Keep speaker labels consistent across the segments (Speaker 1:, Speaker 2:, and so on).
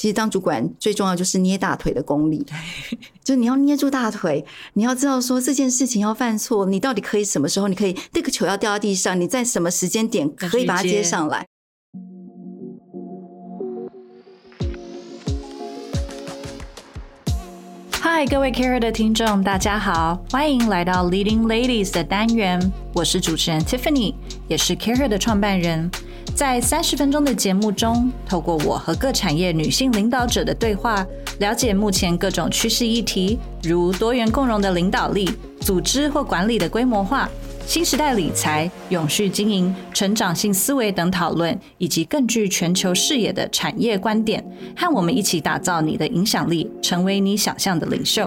Speaker 1: 其實當主管最重要就是捏大腿的功力， 就你要捏住大腿，你要知道說這件事情要犯錯，你到底可以什麼時候？你可以那個球要掉到地上，你在什麼時間點可以把它接上來？
Speaker 2: 嗨，Hi, 各位 CAREhER 的聽眾，大家好，歡迎來到 Leading Ladies 的單元，我是主持人 Tiffany，也是 CAREhER 的創辦人。在三十分鐘的節目中，透過我和各產業女性領導者的對話，了解目前各種趨勢議題，如多元共融的領導力、組織或管理的規模化、新時代理財、永續經營、成長性思維等討論，以及更具全球視野的產業觀點，和我們一起打造你的影響力，成為你想象的領袖。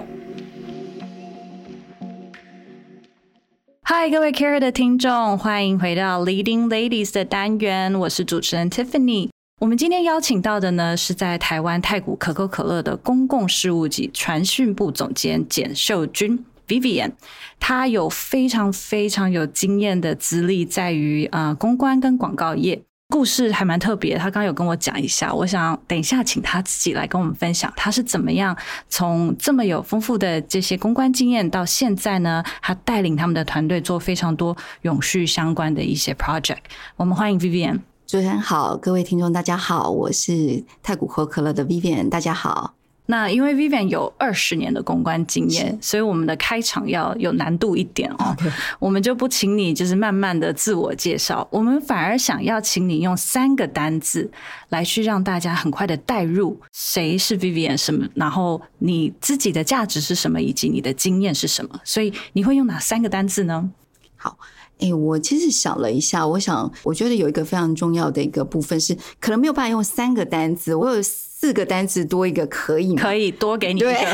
Speaker 2: 嗨，各位 Care 的聽眾，歡迎回到 Leading Ladies 的單元。我是主持人 Tiffany。我們今天邀請到的呢，是在台灣太古可口可樂的公共事務及傳訊部總監簡秀君 Vivian。她有非常非常有經驗的資歷，在於啊、呃、公關跟廣告業。故事還蠻特別，他剛剛有跟我講一下，我想等一下請他自己來跟我們分享，他是怎麼樣從這麼有豐富的這些公關經驗到現在呢，他帶領他們的團隊做非常多永續相關的一些 project。
Speaker 1: 我們歡迎 Vivian。主持人好，各位聽眾大家好，我是太古可口可樂的 Vivian，大家好。那因為 Vivian 有二十年的公關經驗，所以我們的開
Speaker 2: 場要有難度一點哦。Okay. 我們就不請你就是慢慢的自我介紹，我們反而想要請你用三個單字來去讓大家很快的帶入誰是 Vivian，什麼，然後你自己的價值是什麼，以及你的經驗是什麼。
Speaker 1: 所以你會用哪三個單字呢？好，誒，我其實想了一下，我想我覺得有一個非常重要的一個部分是，可能沒有辦法用三個單字，我有。四個單詞，多一個可以嗎？可以多給你一個對，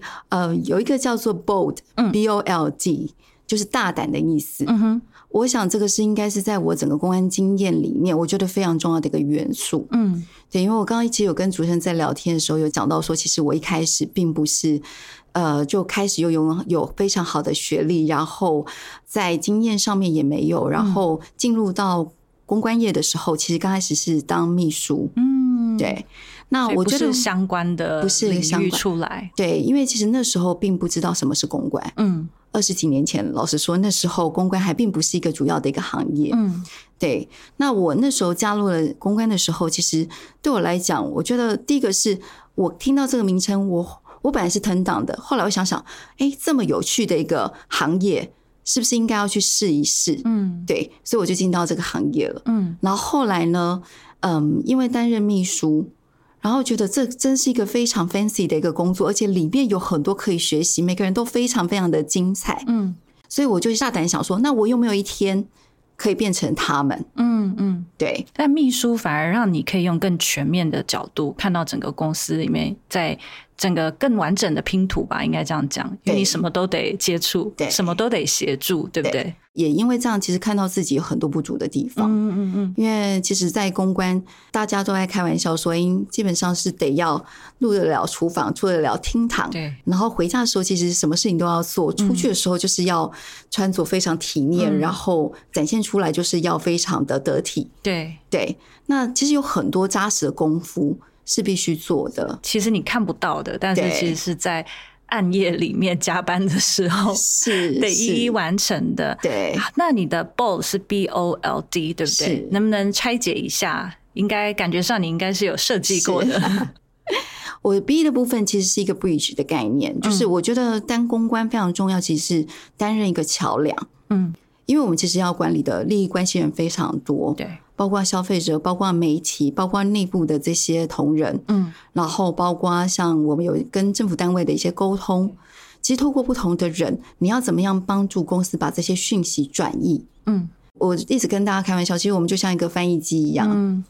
Speaker 1: 對，呃，有一個叫做 bold，b、嗯、o l d，就是大膽的意思。嗯，我想這個是應該是在我整個公關經驗裡面，我覺得非常重要的一個元素。嗯，對，因為我剛剛其實有跟主持人在聊天的時候，有講到說，其實我一開始並不是呃，就開始又擁有非常好的學歷，然後在經驗上面也沒有，然後進入到公關業的時候，嗯、其實剛開始是當秘書。嗯。對，那我覺得不是相關的不是領域出來。對，因為其實那時候並不知道什麼是公關。嗯，二十幾年前，老實說，那時候公關還並不是一個主要的一個行業。嗯，對。那我那時候加入了公關的時候，其實對我來講，我覺得第一個是我聽到這個名稱，我我本來是騰黨的，後來我想想，哎，這麼有趣的一個行業，是不是應該要去試一試？嗯，對。所以我就進到這個行業了。嗯，然後後來呢？嗯、um，因為擔任秘書，然後覺得這真是一個非常 fancy 的一個工作，而且裡面有很多可以學習，每個人都非常非常的精彩，嗯，所以我就大膽想說，那我有沒有一天可以變成他們？
Speaker 2: 嗯嗯，
Speaker 1: 對。但秘書反而讓你可以用更全面的
Speaker 2: 角度看到整個公司裡面在。整個更完整的拼圖吧，應該這樣講，對，因為你什麼都得接觸，對，什麼都得協助，對不對？
Speaker 1: 也因為這樣，其實看到自己有很多不足的地方。嗯嗯嗯。因為其實，在公關，大家都在開玩笑說，因基本上是得要入得了廚房，出得了廳堂。對。然後回家的時候，其實什麼事情都要做；出去的時候，就是要穿着非常體面，嗯，然後展現出來就是要非常的得體。嗯，對對。那其實有很多扎實的功夫。是必須做的，其實你看不到的，但是其實是在暗夜裡面
Speaker 2: 加班的時候，是得一一完成的。對，啊、那你的 bold 是 b o l d 對不對？是，能不能拆解一下？應該感覺上你應該是有設計過的。
Speaker 1: 我 b 的部分其實是一個 bridge 的概念，嗯、就是我覺得當公關非常重要，其實是擔任一個橋梁。嗯，因為我們其實要管理的利益關係人非常多。對。包括消費者，包括媒體，包括內部的這些同仁，嗯，然後包括像我們有跟政府單位的一些溝通，其實透過不同的人，你要怎麼樣幫助公司把這些訊息轉譯。
Speaker 2: 嗯，
Speaker 1: 我一直跟大家開玩笑，其實我們就像一個翻譯機一樣，嗯，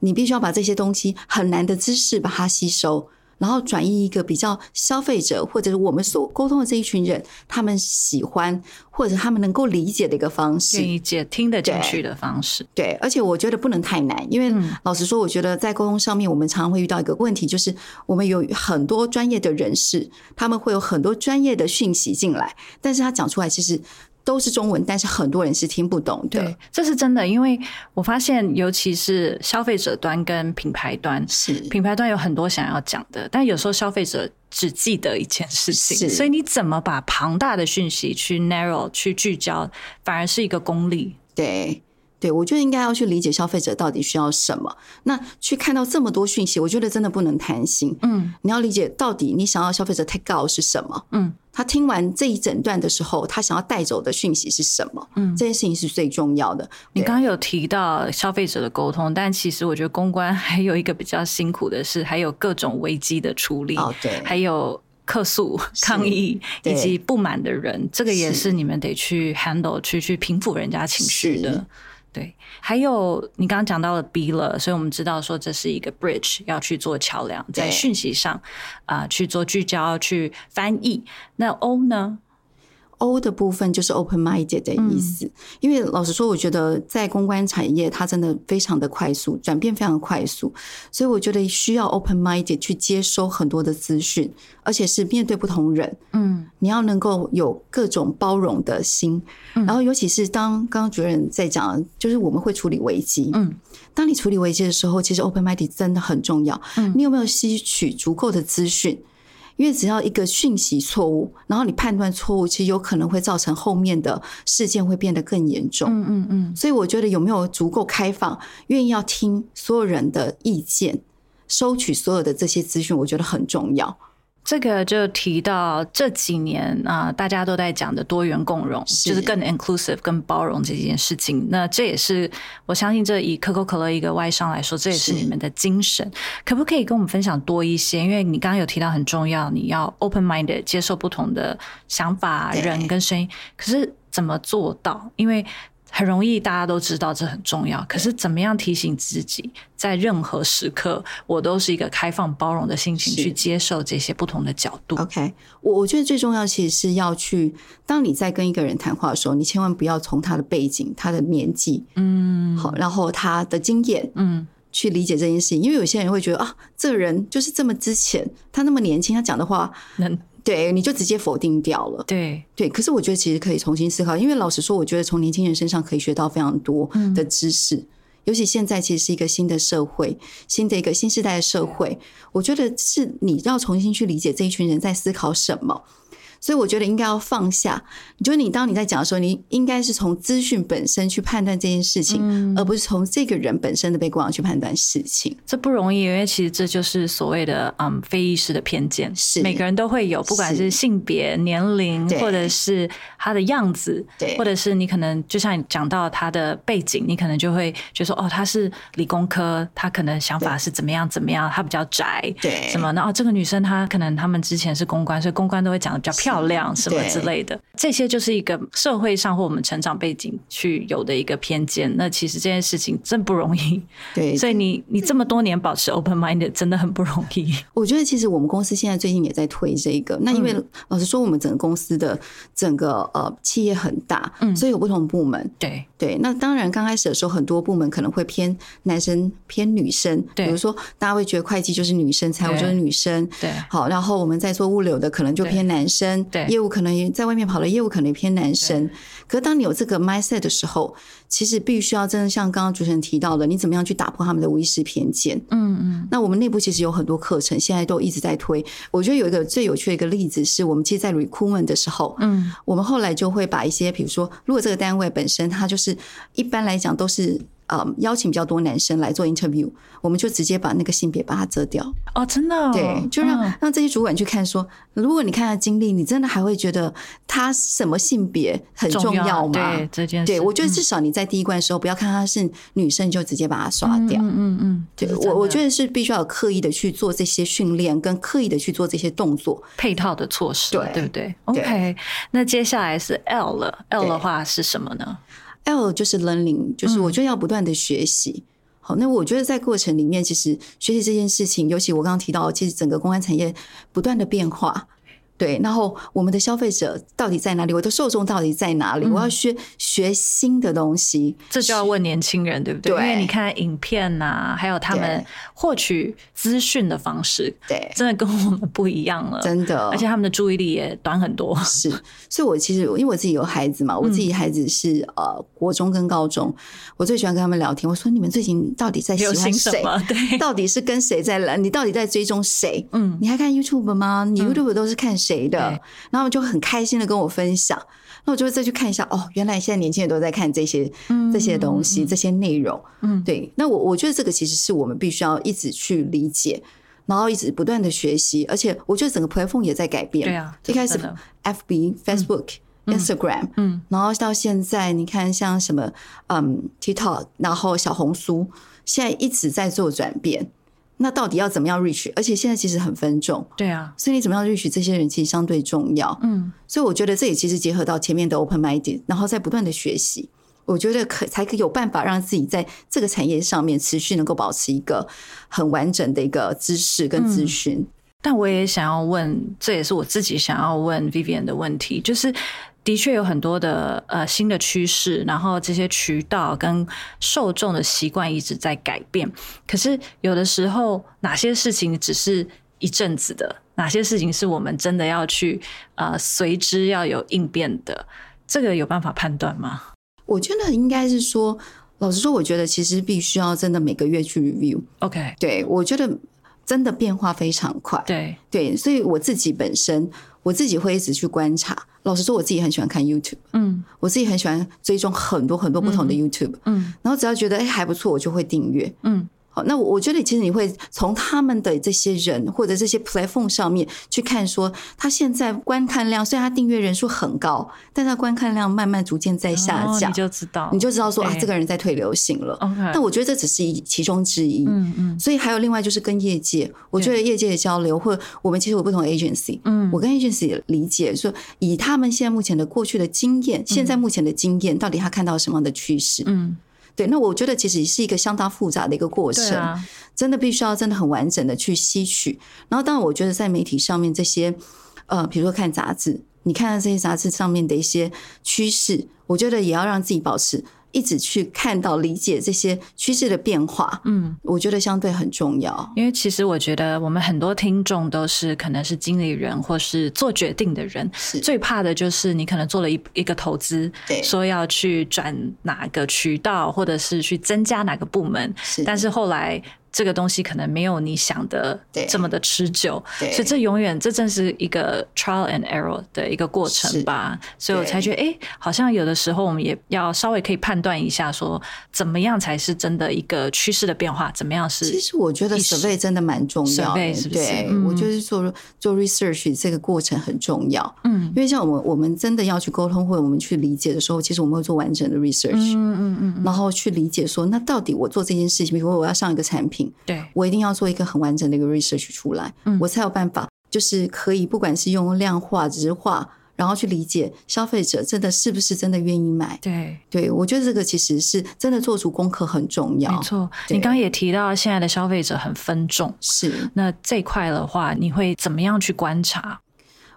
Speaker 1: 你必須要把這些東西很難的知識把它吸收。然後轉移一個比較消費者或者是我們所溝通的這一群人，他們喜歡或者他們能夠理解的一個方式，理解聽得進去的方式。對，對，而且我覺得不能太難，因為老實說，我覺得在溝通上面，我們常常會遇到一個問題，就是我們有很多專業的人士，他們會有很多專業的訊息進來，但是他講出來其實。都是中文，但是很多人是聽不懂。對，這是真的，因為我發現，尤其是消費者端跟品牌端，是
Speaker 2: 品牌端有很多想要講的，但有時候消費者只記得一件事情。是。所以你怎麼把龐大的訊息去 narrow 去聚焦，反而是一個功力。對。
Speaker 1: 對，我覺得應該要去理解消費者到底需要什麼。那去看到這麼多訊息，我覺得真的不能貪心。嗯，你要理解到底你想要消費者 take out 是什麼。嗯，他聽完這一整段的時候，他想要帶走的訊息是什麼？嗯，這件事情是最重要的。嗯。你剛剛有提到消費者的溝通，但其實我覺得公關還有一個比較辛
Speaker 2: 苦的是，還有各種危機的處理。哦、oh，對，還有客訴、抗議以及不滿的人，這個也是你們得去 handle，去去平復人家情緒的。對，還有你剛剛講到了 B 了，所以我們知道說這是一個 bridge，要去做橋梁，在訊息上啊、呃、去做聚焦，去翻譯。那
Speaker 1: O 呢？O 的部分就是 open minded 的意思，因為老實說，我覺得在公關產業，它真的非常的快速，轉變非常的快速，所以我覺得需要 open minded 去接收很多的資訊，而且是面對不同人，嗯，你要能夠有各種包容的心，然後尤其是當剛剛主任在講，就是我們會處理危機，嗯，當你處理危機的時候，其實 open minded 真的很重要，嗯，你有沒有吸取足夠的資訊？因為只要一個訊息錯誤，然後你判斷錯誤，其實有可能會造成後面的事件會變得更嚴重。嗯嗯嗯，所以我覺得有沒有足夠開放，願意要聽所有人的意見，收取所有的這些資訊，我覺得很重要。
Speaker 2: 這個就提到這幾年啊、呃，大家都在講的多元共融，是就是更 inclusive、更包容這件事情。那這也是我相信，這以可口可樂一個外商來說，這也是你們的精神。可不可以跟我們分享多一些？因為你剛剛有提到很重要，你要 open minded 接受不同的想法、人跟聲音。可是怎麼做到？因為很容易，大家都知道這很重要。可是，怎麼樣提醒自己，在任何時刻，我都
Speaker 1: 是一個開放、包容的心情去接受這些不同的角度？OK，我我覺得最重要，其實是要去，當你在跟一個人談話的時候，你千萬不要從他的背景、他的年紀，嗯，好，然後他的經驗，嗯，去理解這件事情。因為有些人會覺得啊，這個人就是這麼之前，他那麼年輕，他講的話能。對，你就直接否定掉了。對對，可是我覺得其實可以重新思考，因為老實說，我覺得從年輕人身上可以學到非常多的知識。嗯，尤其現在其實是一個新的社會，新的一個新時代的社會。嗯，我覺得是你要重新去理解這一群人在思考什麼。所以我覺得應該要放下，就你當你在講的時候，你應該是從資訊本身去判斷這件事情，嗯、而不是從這個人本身的背景去判斷事情。這不容易，因為其實
Speaker 2: 這就是所謂的嗯非意識的偏見，是每個人都會有，不管是性別、年齡，或者是他的樣子，對，或者是你可能就像你講到他的背景，你可能就會覺得說哦，他是理工科，他可能想法是怎麼樣怎麼樣，他比較宅，對，怎麼呢？哦，這個女生她可能他們之前是公關，所以公關都會講的比較偏。漂亮什麼之類的，這些就是一個社會上或我們成長背景去有的一個偏見。那其實這件事情真不容易，對。對，所以你你這麼多年保持 open minded
Speaker 1: 真的很不容易。我覺得其實我們公司現在最近也在推這個。嗯、那因為老實說，我們整個公司的整個呃企業很大，嗯，所以有不同部門，對對。那當然剛開始的時候，很多部門可能會偏男生偏女生，對。比如說大家會覺得會計就是女生，財務就是女生，對。好，然後我們在做物流的，可能就偏男生。對，業務可能也在外面跑的業務可能也偏男生，可是當你有這個 mindset 的時候，其實必須要真的像剛剛主持人提到的，你怎麼樣去打破他們的無意識偏見？嗯
Speaker 2: 嗯。
Speaker 1: 那我們內部其實有很多課程，現在都一直在推。我覺得有一個最有趣的一個例子是，是我們其實，在 recruitment 的時候，嗯，我們後來就會把一些，比如說，如果這個單位本身它就是一般來講都是。呃、um,，邀請比較多男生來做 interview，我們就直接把那個性別把它遮掉。哦、oh,，真的？對，就讓、嗯、讓這些主管去看說，說如果你看他經歷，你真的還會覺得他什麼性別很重要嗎？要對這件事，對我覺得至少你在第一關的時候，不要看他是女生就直接把他刷掉。嗯嗯嗯，嗯，對我我覺得是必須要有刻意的去做這些訓練，跟刻意的去做這些動作配套的措施，對對不對，對？OK，那接下來是 L 了，L 的話是什麼呢？L 就是 learning，就是我就要不斷的學習。嗯、好，那我覺得在過程裡面，其實學習這件事情，尤其我剛剛提到，其實整個公關產業不斷的變化。對，然後我們的消費者到底在哪裡？我的受眾到底在哪裡？嗯、我要學學新的東西，這就要問年輕人，對不對？對，因為你看，看影片啊，還有他們獲取資訊的方式，對，真的跟我們不一樣了，真的。而且他們的注意力也短很多。是，所以我其實因為我自己有孩子嘛，嗯、我自己孩子是呃國中跟高中，我最喜歡跟他們聊天。我說，你們最近到底在喜歡誰？對，到底是跟誰在來，你到底在追蹤誰？嗯，你還看 YouTube 嗎？你 YouTube 都是看誰？嗯誰的？然後就很開心的跟我分享，那我就會再去看一下。哦，原來現在年輕人都在看這些、嗯、這些東西、嗯、這些內容。嗯，對。那我我覺得這個其實是我們必須要一直去理解，然後一直不斷的學習。而且我覺得整個 platform 也在改變。對啊，對，一開始 FB、Facebook、嗯、Instagram，嗯，嗯，然後到現在你看像什麼，嗯，TikTok，然後小紅書，現在一直在做轉變。那到底要怎麼樣 reach？而且現在其實很分眾，對啊，所以你怎麼樣 reach 這些人其實相對重要，嗯，所以我覺得這也其實結合到前面的 open minded，然後再不斷的學習，我覺得可才可有辦法讓自己在這個產業上面持續能夠保持一個很完整的一個知識跟資訊，嗯。
Speaker 2: 但我也想要問，這也是我自己想要問 Vivian 的問題，就是。的確有很多的呃新的趨勢，然後這些渠道跟受眾的習慣一直在改變。可是有的時候，哪些事情只是一陣子的，哪些事情是我們真的要去呃隨之要有應變的，這個有辦法判斷嗎？
Speaker 1: 我覺得應該是說，老實說，我覺得其實必須要真的每個月去 review。OK，對，我覺得真的變化非常快。對對，所以我自己本身。我自己會一直去觀察。老實說，我自己很喜歡看 YouTube。嗯，我自己很喜歡追蹤很多很多不同的 YouTube。嗯，嗯，然後只要覺得哎還不錯，我就會訂閱。嗯。那我覺得，其實你會從他們的這些人或者這些 platform 上面去看，說他現在觀看量雖然他訂閱人數很高，但他觀看量慢慢逐漸在下降，你就知道，你就知道說啊，這個人在退流行了。但我覺得這只是一其中之一。所以還有另外就是跟業界，我覺得業界的交流，或者我們其實有不同的 agency。我跟 agency 理解說，以他們現在目前的過去的經驗，現在目前的經驗，到底他看到什麼樣的趨勢？嗯，嗯。嗯嗯對，那我覺得其實是一個相當複雜的一個過程，真的必須要真的很完整的去吸取。然後，當然，我覺得在媒體上面這些，呃，比如說看雜誌，你看到這些雜誌上面的一些趨勢，我覺得也要讓自己保持。一直去看到、理解這些趨勢的變化，嗯，我覺得相對很重要。因為其實我覺得我們很多聽眾都是可能是經理人，或是做決定的人。是。最
Speaker 2: 怕的就是你可能做了一一個投資，對，說要去轉哪個渠道，或者是去增加哪個部門，是。但是後來。這個東西可能沒有你想的這麼的持久，所以這永遠這正是一個 trial and error 的一個過程吧，所以我才覺得哎、欸，好像有的時候我們也要稍微可以判斷一下，說怎麼樣才是真的一個趨勢的變化，怎麼樣是，是，是。其實我
Speaker 1: 覺得 survey 真的蠻重要，是不是對？我覺得做做 research 這個過程很重要，嗯，因為像我們我們真的要去溝通或者我們去理解的時候，其實我們會做完整的 research，嗯嗯嗯，然後去理解說，那到底我做這件事情，比如說我要上一個產品。對，我一定要做一個很完整的一個 research 出來，嗯，我才有辦法，就是可以，不管是用量化、質化，然後去理解消費者，真的是不是真的願意買？對，對我覺得這個其實是真的做足功課很重要。沒錯，你剛剛也提到現在的消費者很分眾，是那這塊的話，你會怎麼樣去觀察？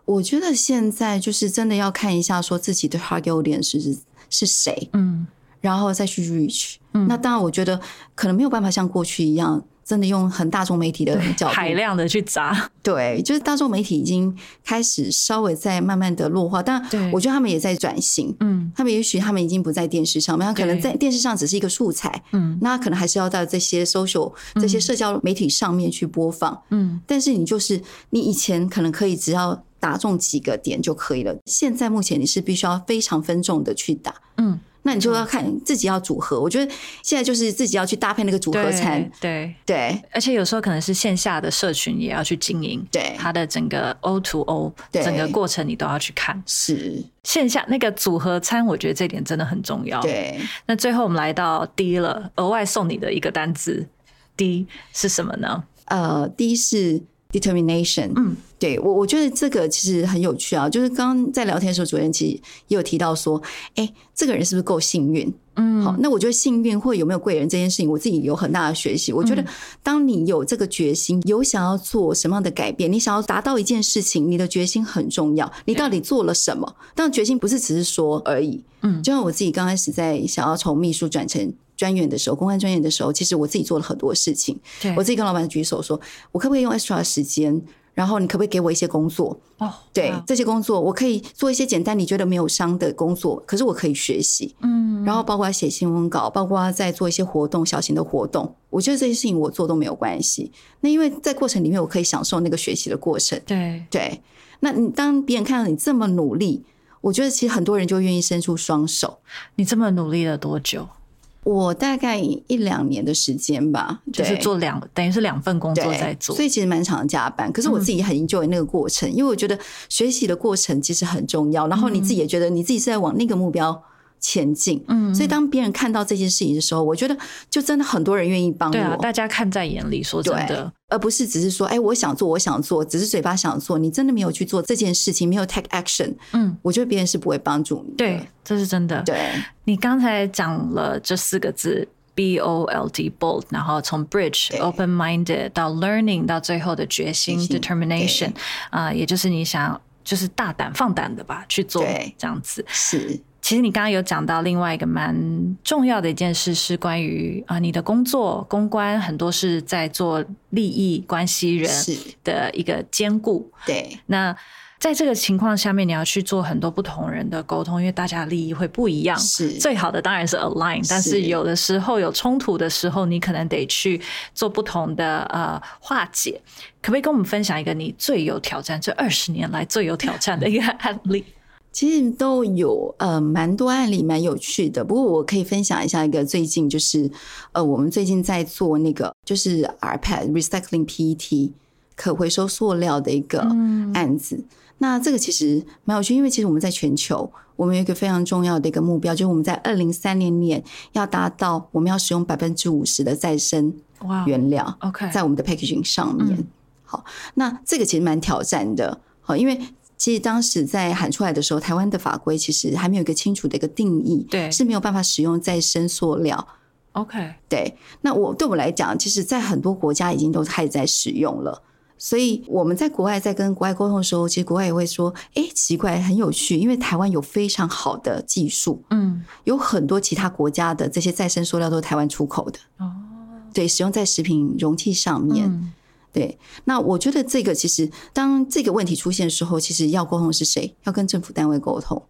Speaker 1: 我覺得現在就是真的要看一下，說自己的 audience 是是誰？嗯。然後再去 reach，嗯，那當然我覺得可能沒有辦法像過去一樣，真的用很大眾媒體的角度海量的去砸，對，就是大眾媒體已經開始稍微在慢慢的弱化，但我覺得他們也在轉型，嗯，他們也許他們已經不在電視上，他可能在電視上只是一個素材，嗯，那可能還是要在這些 social 這些社交媒體上面去播放，嗯，但是你就是你以前可能可以只要打中幾個點就可以了，現在目前你是必須要非常分重的去打，嗯。那你就要看自己要組合、嗯，我覺得現在就是自己要去搭配那個組合餐，對對，對，而且有時候可能是線下
Speaker 2: 的社群也要去經營，對，它的整個 O to O 整個過程你都要去看，
Speaker 1: 是，是
Speaker 2: 線下那個組合餐，我覺得這點真的很重要，對。那最後我們來到 D 了，額外送你的一個單字，D 是什麼呢？
Speaker 1: 呃，D 是。Determination，嗯，對我，我覺得這個其實很有趣啊。就是剛剛在聊天的時候，主任其實也有提到說，哎、欸，這個人是不是夠幸運？
Speaker 2: 嗯，好，那
Speaker 1: 我覺得幸運或有沒有貴人這件事情，我自己有很大的學習。我覺得，當你有這個決心，有想要做什麼樣的改變，嗯、你想要達到一件事情，你的決心很重要。你到底做了什麼？嗯、但決心不是只是說而已。嗯，就像我自己剛開始在想要從秘書轉成。專員的時候，公關專員的時候，其實我自己做了很多事情。對，我自己跟老闆舉手說，我可不可以用 extra 時間？然後你可不可以給我一些工作？哦、oh,，對、wow，這些工作我可以做一些簡單你覺得沒有傷的工作，可是我可以學習。嗯、mm -hmm.，然後包括寫新聞稿，包括在做一些活動，小型的活動，我覺得這些事情我做都沒有關係。那因為在過程裡面，我可以享受那個學習的過程。對對，那你當別人看到你這麼努力，我覺得其實很多人就願意伸出雙手。你這麼努力了多久？我大概一兩年的時間吧，就是做兩，等於是兩份工作在做。對，所以其實蠻長的加班、嗯。可是我自己很 enjoy 那個過程，嗯、因為我覺得學習的過程其實很重要、嗯。然後你自己也覺得你自己是在往那個目標前進，嗯。所以當別人看到這件事情的時候，嗯、我覺得就真的很多人願意幫我。對啊，大家看在眼裡，說真的。對而不是只是說，哎、欸，我想做，我想做，只是嘴巴想做，你真的沒有去做這件事情，沒有 take action。嗯，我覺得別人是不會幫助你。對，這是真的。對，你剛才講了
Speaker 2: 這四個字，BOLD，BOLD，然後從 Bridge，Open Minded 到 Learning，到最後的決心，決心 Determination，啊、呃，也就是你想就是大膽放膽的吧去做這樣子對，是。其實你剛剛有講到另外一個蠻重要的一件事，是關於啊你的工作公關，很多是在做利益關係人的一個兼顧。對，那在這個情況下面，你要去做很多不同人的溝通，因為大家的利益會不一樣。是。最好的當然是 align。是。但是有的時候有衝突的時候，你可能得去做不同的呃化解。可不可以跟我們分享一個你最有挑戰，這二十年來最有挑戰的一個案例？
Speaker 1: 其實都有呃蠻多案例蠻有趣的，不過我可以分享一下一個最近就是呃我們最近在做那個就是 rPET recycling PET 可回收塑料的一個案子。嗯、那這個其實蠻有趣，因為其實我們在全球，我們有一個非常重要的一個目標，就是我們在二零三零年要達到我們要使用百分之五十的再生原料。Wow, okay. 在我們的 packaging 上面。嗯、好，那這個其實蠻挑戰的。好，因為。其實當時在喊出來的時候，台灣的法規其實還沒有一個清楚的一個定義，對，是沒有辦法使用再生塑料。OK，對。那我對我來講，其實，在很多國家已經都開始在使用了。所以我們在國外，在跟國外溝通的時候，其實國外也會說：“哎，奇怪，很有趣，因為台灣有非常好的技術。”嗯，有很多其他國家的這些再生塑料都是台灣出口的。哦，對，使用在食品容器上面。嗯對，那我覺得這個其實，當這個問題出現的時候，其實要溝通是誰，要跟政府單位溝通。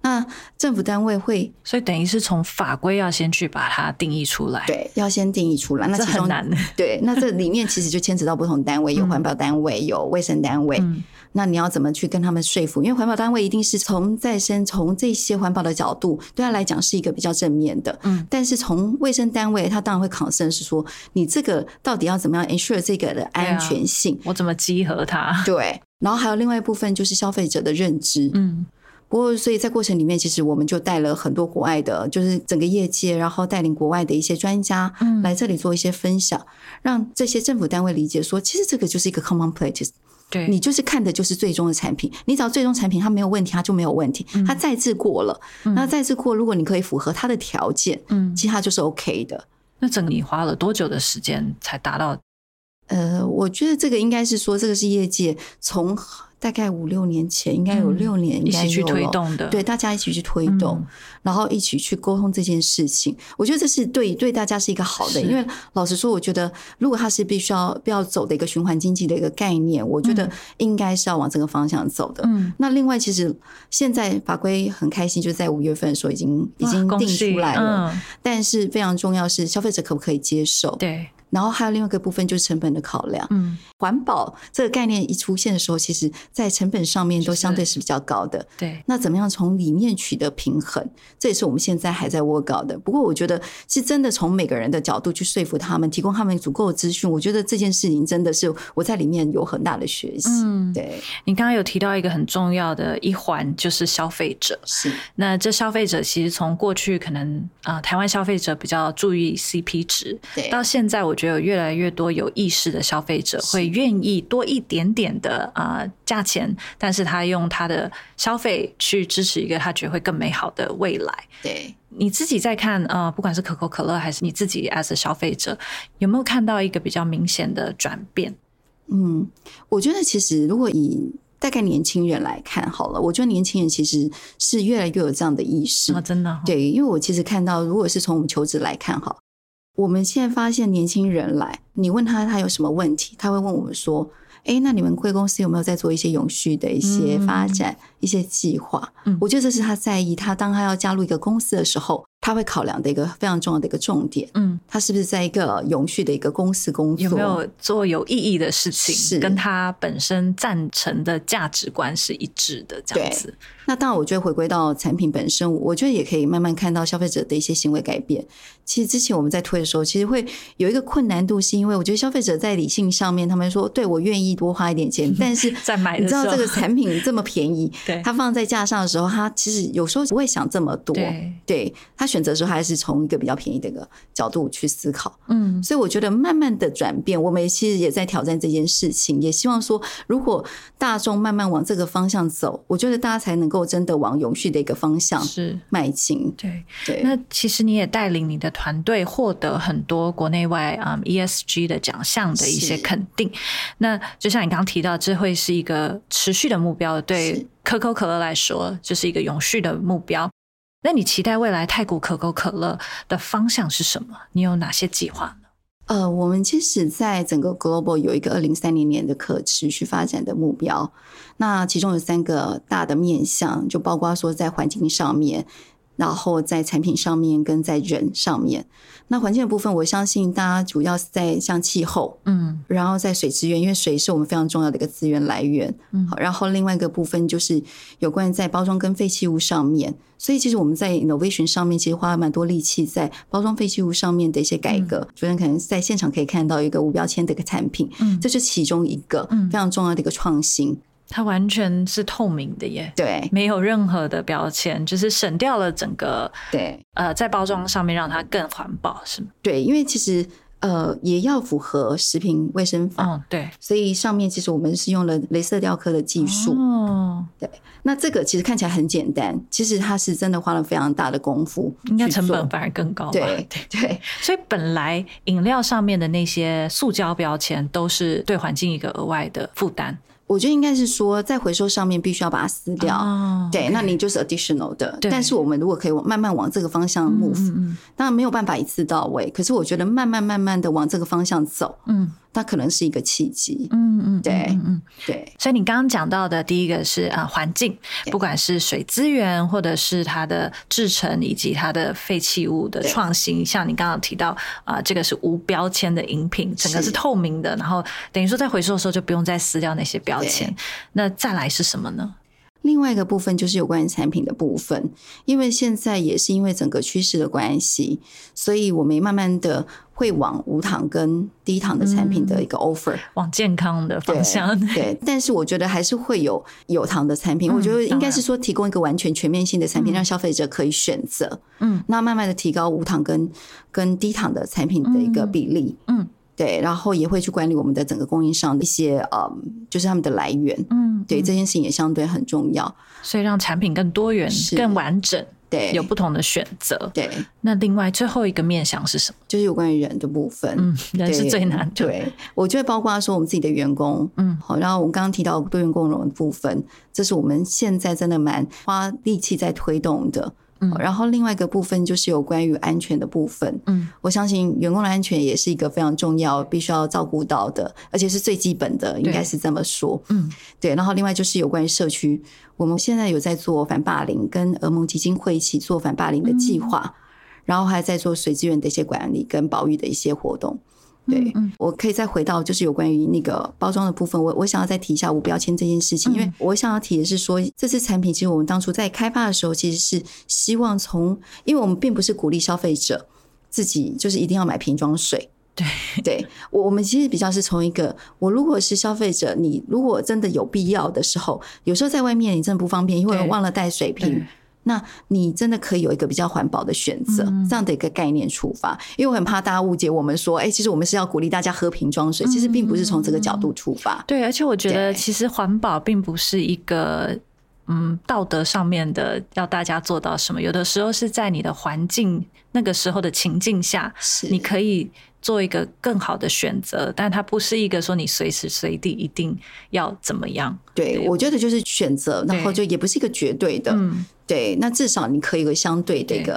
Speaker 1: 那政府單位會，所以等於是從法規要先去把它定義出來。對，要先定義出來，那很難的，那其中。對， 那這裡面其實就牽扯到不同單位，有環保單位，嗯、有衛生單位。嗯那你要怎麼去跟他們說服？因為環保單位一定是從再生、從這些環保的角度，對他來講是一個比較正面的。嗯。但是從衛生單位，他當然會考慮是說，你這個到底要怎麼樣 ensure 這個的安全性？啊、我怎麼結合它？對。然後還有另外一部分就是消費者的認知。嗯。不過，所以在過程裡面，其實我們就帶了很多國外的，就是整個業界，然後帶領國外的一些專家，嗯，來這裡做一些分享、嗯，讓這些政府單位理解說，其實這個就是一個 common place。對，你就是看的就是最終的產品，你只要最終產品它沒有問題，它就沒有問題。嗯、它再次過了，嗯、那再次過，如果你可以符合它的條件，嗯，其實它就是 OK 的。那整個你花了多久的時間才達到？呃，我覺得這個應該是說，這個是業界從。大概五六年前，應該有六年應、嗯，一起去推動的，對，大家一起去推動，嗯、然後一起去溝通這件事情、嗯。我覺得這是對對大家是一個好的，因為老實說，我覺得如果它是必須要不要走的一個循環經濟的一個概念，嗯、我覺得應該是要往這個方向走的。嗯、那另外，其實現在法規很開心，就是在五月份的時候已經已經定出來了，嗯、但是非常重要是消費者可不可以接受？對。然後還有另外一個部分，就是成本的考量。嗯，環保這個概念一出現的時候，其實在成本上面都相對是比較高的。就是、對，那怎麼樣從裡面取得平衡？這也是我們現在還在握搞的。不過我覺得是真的從每個人的角度去說服他們，提供他們足夠的資訊。我覺得這件事情真的是我在裡面有很大的學習。嗯，對。你剛剛有提到一個很重要的一環，就是
Speaker 2: 消費者。是。那這消費者其實從過去可能啊、呃，台灣消費者比較注意 CP 值。對。到現在我覺得覺得有越來越多有意識的消費者會願意多一點點的啊、呃、價錢，但是他用他的消費去支持一個他覺得會更美好的未來。對。你自己在看啊、呃，不管是可口可樂還是你自己 as a 消費者，有沒有看到一個比較明顯的轉變？嗯，
Speaker 1: 我覺得其實如果以大概年輕人來看好了，我覺得年輕人其實是越來越有這樣的意識、啊、真的。對，因為我其實看到，如果是從我們求職來看哈。我們現在發現年輕人來，你問他他有什麼問題，他會問我們說：“哎，那你們貴公司有沒有在做一些永續的一些發展、嗯、一些計劃、嗯？”我覺得這是他在意。他當他要加入一個公司的時候。他會考量的一個非常重要的一個重點，嗯，他是不是在一個永續的一個公司工作，有沒有
Speaker 2: 做有意義的事情，是跟他本身贊成的價值觀是一致的這樣子。
Speaker 1: 那當然，我覺得回歸到產品本身，我覺得也可以慢慢看到消費者的一些行為改變。其實之前我們在推的時候，其實會有一個困難度，是因為我覺得消費者在理性上面，他們說對，我願意多花一點錢， 但是在買你知道這個產品這麼便宜，對它放在架上的時候，他其實有時候不會想這麼多，對，對他，選擇的時候還是從一個比較便宜的一個角度去思考，嗯，所以我覺得慢慢的轉變，我們其實也在挑戰這件事情，也希望說，如果大眾慢慢往這個方向走，我覺得大家才能夠真的往永續的一個方向邁進，是邁進。對對，那其實你也帶領你的團
Speaker 2: 隊獲得很多國內外啊、um, ESG 的獎項的一些肯定。那就像你剛剛提到，這會是一個持續的目標，對可口可樂來說，就是一個永續的目標。那你期待未來太古可口可樂的方向是什麼？你有哪些計劃呢？
Speaker 1: 呃，我們其實在整個 Global 有一個二零三零年的可持續發展的目標，那其中有三個大的面向，就包括說在環境上面。然後在產品上面跟在人上面，那環境的部分，我相信大家主要是在像氣候，嗯，然後在水資源，因為水是我們非常重要的一個資源來源，嗯，好，然後另外一個部分就是有關於在包裝跟廢棄物上面，所以其實我們在 innovation 上面其實花了蠻多力氣在包裝廢棄物上面的一些改革。嗯，昨天可能在現場可以看到一個無標籤的一個產品，嗯，這是其中一個非常重要的一個創新。它完全是透明的耶，對，
Speaker 2: 沒有任何的標籤，就是省掉了整個，對，呃，在包裝上面讓它更環
Speaker 1: 保，是嗎？對，因為其實呃也要符合食品衛生法，哦，對，所以上面其實我們是用了鐳射雕刻的技術，嗯，哦，對，那這個其實看起來很簡單，其實它是真的花了非常大的功夫，應該成本反而更高吧？對
Speaker 2: 對， 所以本來飲料上面的那些塑膠標籤都是對環境一個
Speaker 1: 額外的負擔。我覺得應該是說，在回收上面必須要把它撕掉，oh, okay. 對，那你就是 additional 的。但是我們如果可以慢慢往這個方向 move，嗯嗯嗯，當然沒有辦法一次到位，可是我覺得慢慢慢慢的往這個方向走，嗯。它可能是一個契機，嗯嗯，對，嗯嗯對，嗯對。所以你剛剛講到的，第一個是啊，環境，不管是水
Speaker 2: 資源，或者是它的製程以及它的廢棄物的創新。像你剛剛提到啊，這個是無標籤的飲品，整個是透明的，然後等於說在回收的時候就不用再撕掉那些標籤。那再來是什麼呢？
Speaker 1: 另外一個部分就是有關於產品的部分，因為現在也是因為整個趨勢的關係，所以我們慢慢的會往無糖跟低糖的產品的一個 offer、嗯、往健康的方向。對，對，但是我覺得還是會有有糖的產品，嗯、我覺得應該是說提供一個完全全面性的產品，嗯、讓消費者可以選擇。嗯，那慢慢的提高無糖跟跟低糖的產品的一個比例。嗯。嗯對，然後也會去管理我們的整個供應商的一些，嗯、um,，就是他們的來源。嗯，對嗯，這件事情也相對很重要，所以讓產品更多元、更完整，對，有不同的選擇。對，那另外最後一個面向是什麼？就是有關於人的部分。嗯，人是最難的。對，我覺得包括說我們自己的員工，嗯，好，然後我們剛剛提到的多元共融部分，這是我們現在真的蠻花力氣在推動的。嗯、然後另外一個部分就是有關於安全的部分。嗯，我相信員工的安全也是一個非常重要、必須要照顧到的，而且是最基本的，應該是這麼說。嗯，對。然後另外就是有關於社區，我們現在有在做反霸凌，跟兒盟基金會一起做反霸凌的計劃，嗯，然後還在做水資源的一些管理跟保育的一些活動。對，嗯，我可以再回到就是有關於那個包裝的部分。我我想要再提一下無標籤這件事情，因為我想要提的是說，這次產品其實我們當初在開發的時候，其實是希望從，因為我們並不是鼓勵消費者自己就是一定要買瓶裝水。對，對我我們其實比較是從一個，我如果是消費者，你如果真的有必要的時候，有時候在外面你真的不方便，因為我忘了帶水瓶。那你真的可以有一個比較環保的選擇，這樣的一個概念出發。因為我很怕大家誤解我們說，欸，其實我們是要鼓勵大家喝瓶裝水，其實並不是從這個角度出發。嗯。嗯嗯嗯、對，而且我覺得其實環保並不是一個嗯道德上面
Speaker 2: 的要大家做到什麼，有的時候是在你的環境那個時候的情境下，你可以，做一個更好的選擇，但它不是一個說你隨時隨地
Speaker 1: 一定要怎麼樣。對，對對我覺得就是選擇，然後就也不是一個絕對的。嗯，對，那至少你可以有相對的一個，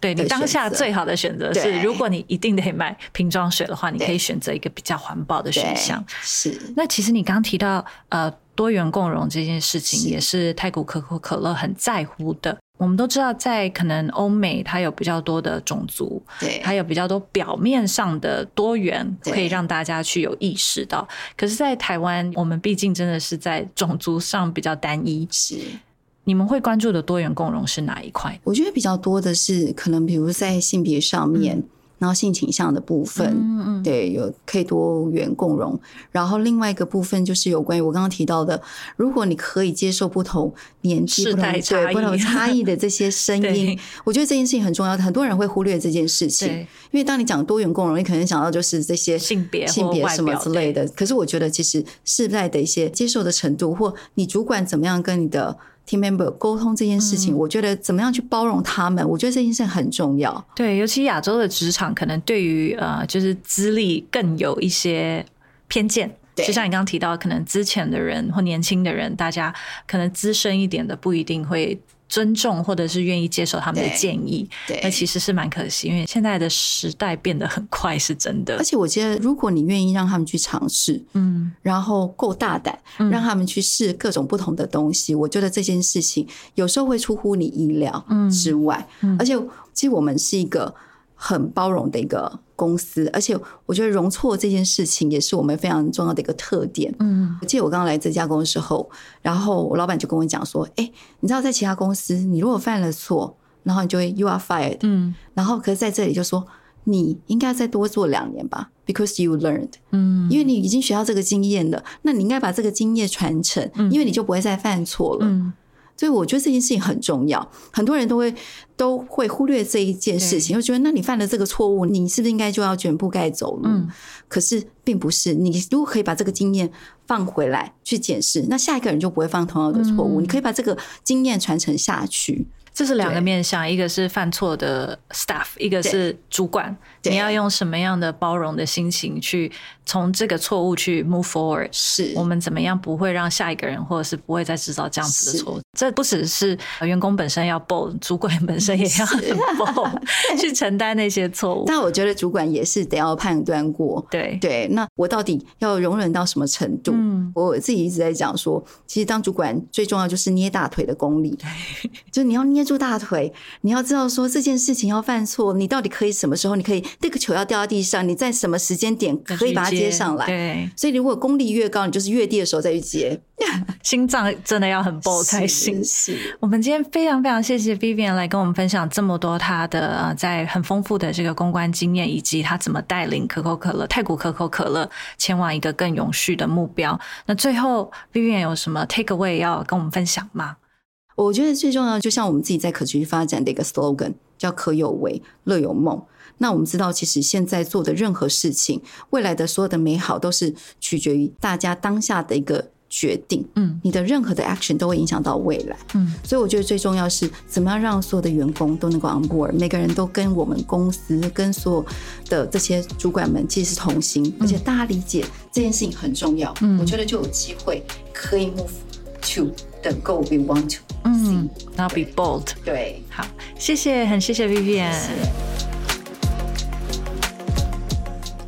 Speaker 1: 對，對你當下最好的選擇是，如果
Speaker 2: 你一定得買瓶裝水的話，你可以選擇一個比較環保的選項。是，那其實你剛剛提到呃多元共融這件事情，也是太古可口可樂很在乎的。我們都知道，在可能歐美，它有比較多的種族，對，它有比較多表面上的多元，可以讓大家去有意識到。可是，在台灣，我們畢竟真的是在種族上比較單一。是，你們會關注的
Speaker 1: 多元共融是哪一塊？我覺得比較多的是，可能比如在性別上面。嗯。然後性傾向的部分嗯，嗯，對，有可以多元共融。然後另外一個部分就是有關於我剛剛提到的，如果你可以接受不同年紀、不同對、不同差異的這些聲音， 我覺得這件事情很重要，很多人會忽略這件事情，因為當你講多元共融，你可能想到就是這些性別、性別什麼之類的。可是我覺得其實世代的一些接受的程度，或你主管怎麼樣跟你的。team member 溝通這件事情、嗯，我覺得怎麼樣去包容他們，我覺得這件事很重要。對，尤其亞洲的職場，
Speaker 2: 可能對於呃，就是資歷更有一些偏見。對，就像你剛剛提到，可能資淺的人或年輕的人，大家可能資深一點的不一定會。尊重或者是願意接受他們的建議，對，那其實是蠻可惜，因為現在的時
Speaker 1: 代變得很快，是真的。而且我覺得，如果你願意讓他們去嘗試，嗯，然後夠大膽，讓他們去試各種不同的東西，嗯，我覺得這件事情有時候會出乎你意料之外。嗯嗯，而且，其實我們是一個。很包容的一個公司，而且我覺得容錯這件事情也是我們非常重要的一個特點。嗯，我記得我剛剛來這家公司的時候，然後我老板就跟我講說：“哎、欸，你知道在其他公司，你如果犯了錯，然後你就會 you are fired。嗯，然後可是在這裡就說你應該再多做兩年吧，because you learned。嗯，因為你已經學到這個經驗了，那你應該把這個經驗傳承、嗯，因為你就不會再犯錯了。嗯”所以我覺得這件事情很重要，很多人都會都會忽略這一件事情，就覺得那你犯了這個錯誤，你是不是應該就要捲鋪蓋走路？嗯，可是並不是，你如果可以把這個經驗放回來去檢視，那下一個人就不會犯同樣的錯誤，嗯。你可以把這個經驗傳承下去，這是兩個面向，一個是犯錯的 staff，一個是主管，
Speaker 2: 你要用什麼樣的包容的心情去。從這個錯誤去 move forward，是我們怎麼樣不會讓下一個人，或者是不會再制造這樣子的錯誤。這不只是員工本身要報，主管本身也要報，
Speaker 1: 去承擔那些錯誤。但我覺得主管也是得要判斷過，對對。那我到底要容忍到什麼程度？嗯、我自己一直在講說，其實當主管最重要就是捏大腿的功力，對，就你要捏住大腿，你要知道說這件事情要犯錯，你到底可以什麼時候？你可以那個球要掉到地上，你在什麼時間點可以把接上來，對，所以如果功力越高，你就是越低的時候再去接。 心臟真的要很爆才行。是是，我們今天非
Speaker 2: 常非常謝謝 Vivian 來跟我們分享這麼多她的、呃、在很豐富的這個公關經驗，以及她怎麼帶領可口可樂、太古可口可樂前往一個更永續的目標。那最後 Vivian 有什麼 take away 要跟我們分享嗎？
Speaker 1: 我覺得最重要，就像我們自己在可持續發展的一個 slogan，叫“可有為，樂有夢”。那我們知道，其實現在做的任何事情，未來的所有的美好都是取決於大家當下的一個決定。嗯，你的任何的 action 都會影響到未來。嗯，所以我覺得最重要是怎麼樣讓所有的員工都能夠 onboard，每個人都跟我們公司跟所有的這些主管們其實是同心、嗯，而且大家理解這件事情很重要。嗯，我覺得就有機會可以 move to the goal we want to see，嗯。嗯，然後 be bold。對，好，
Speaker 2: 謝謝，很謝謝 Vivian。謝謝